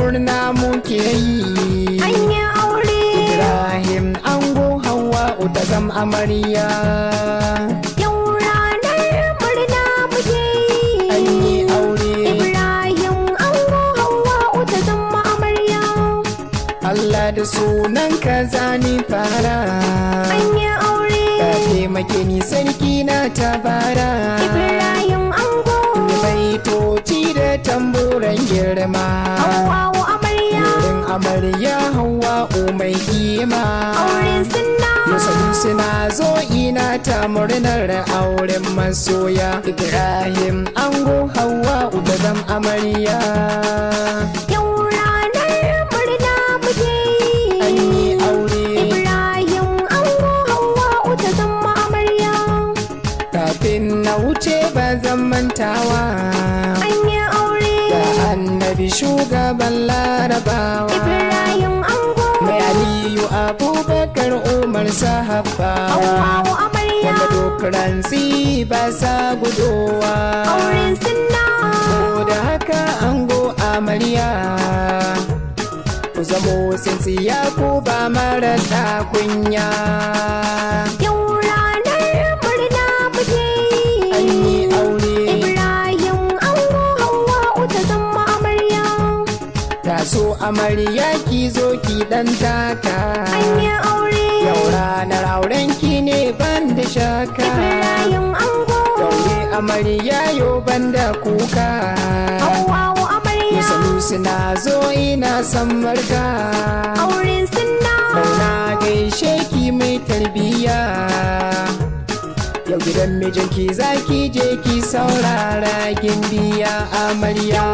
murna muke yi an yi aure ibrahim ango hawa uta zam amarya Allah da sunan ka zani fara. An yi aure. Ka taimake ni sarki na tabara. girma Hawa'u amarya Wurin amarya Hawa'u mai kima Auren sunna Musulun suna zo ina ta murnar auren masoya Ibrahim ango Hawa'u da zam amarya Kafin na wuce ba zan fi shugaban larabawa ibrahim ango mai aliyu abubakar umar sahabba wanda dokran ba sa gudowa aurin sinna ko da haka ango amarya ku zamo sinsiya ku ba mara kunya taso amarya ki zo ki dan taka anya aure yau ranar auren ki ne ban da shaka Ibrahim ango amarya yo ban da kuka Hawwa amarya na zo ina san marka auren sunna na gaishe ki mai tarbiya yau gidan mijinki zaki je ki saurara gindiya amarya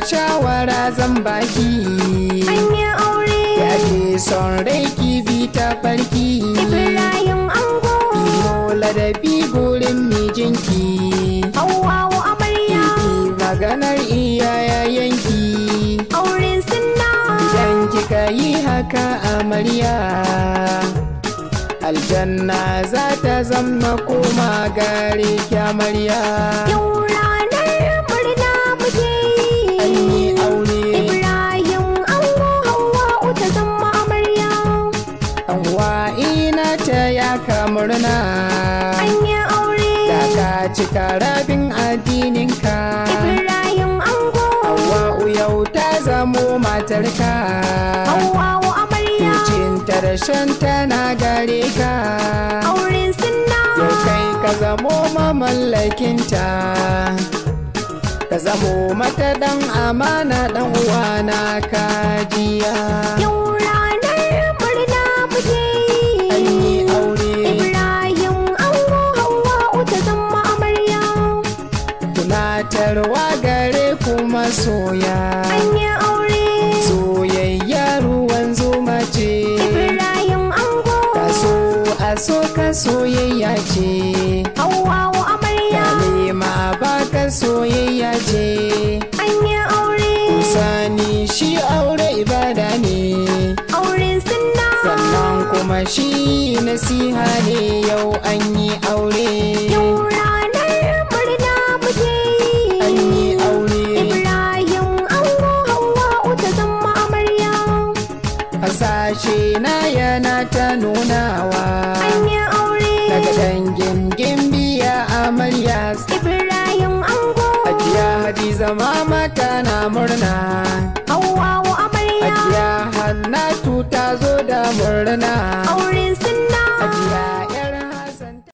shawara zan baki yi aure Ya ke son rai ki bi ta farki Ibrahim ango da ladabi gurin mijinki hawawo amarya Ki maganar iyaya yanki Auren sunna Idan kika yi haka amarya aljanna za ta zamna koma gare kyamarya yau murna Anya aure Da ka cika rabin addininka Ibrahim ango awa yau ta zamo matarka Hawwa'u amarya Cinta ta tana gare ka Auren sinna ya kai ka zamo mamallakinta ka zamo mata dan amana dan uwa na kajiya. ce Hawwa amarya ma baka soyayya ce An yi aure Sani shi aure ibada ne Aure sunna Sannan kuma shi nasiha ne yau an yi aure Yau ranar murna muke yi An yi aure Ibrahim Allah Hawwa ta zama amarya Hasashe na yana ta nuna zama mata na murna Hawwa amarya Ajiya Hannatu ta zo da murna